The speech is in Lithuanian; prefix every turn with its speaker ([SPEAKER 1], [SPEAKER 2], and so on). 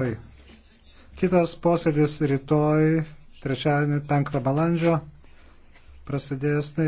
[SPEAKER 1] Tai. Kitas posėdis rytoj, trečiadienį, penktą balandžio, prasidės. Tai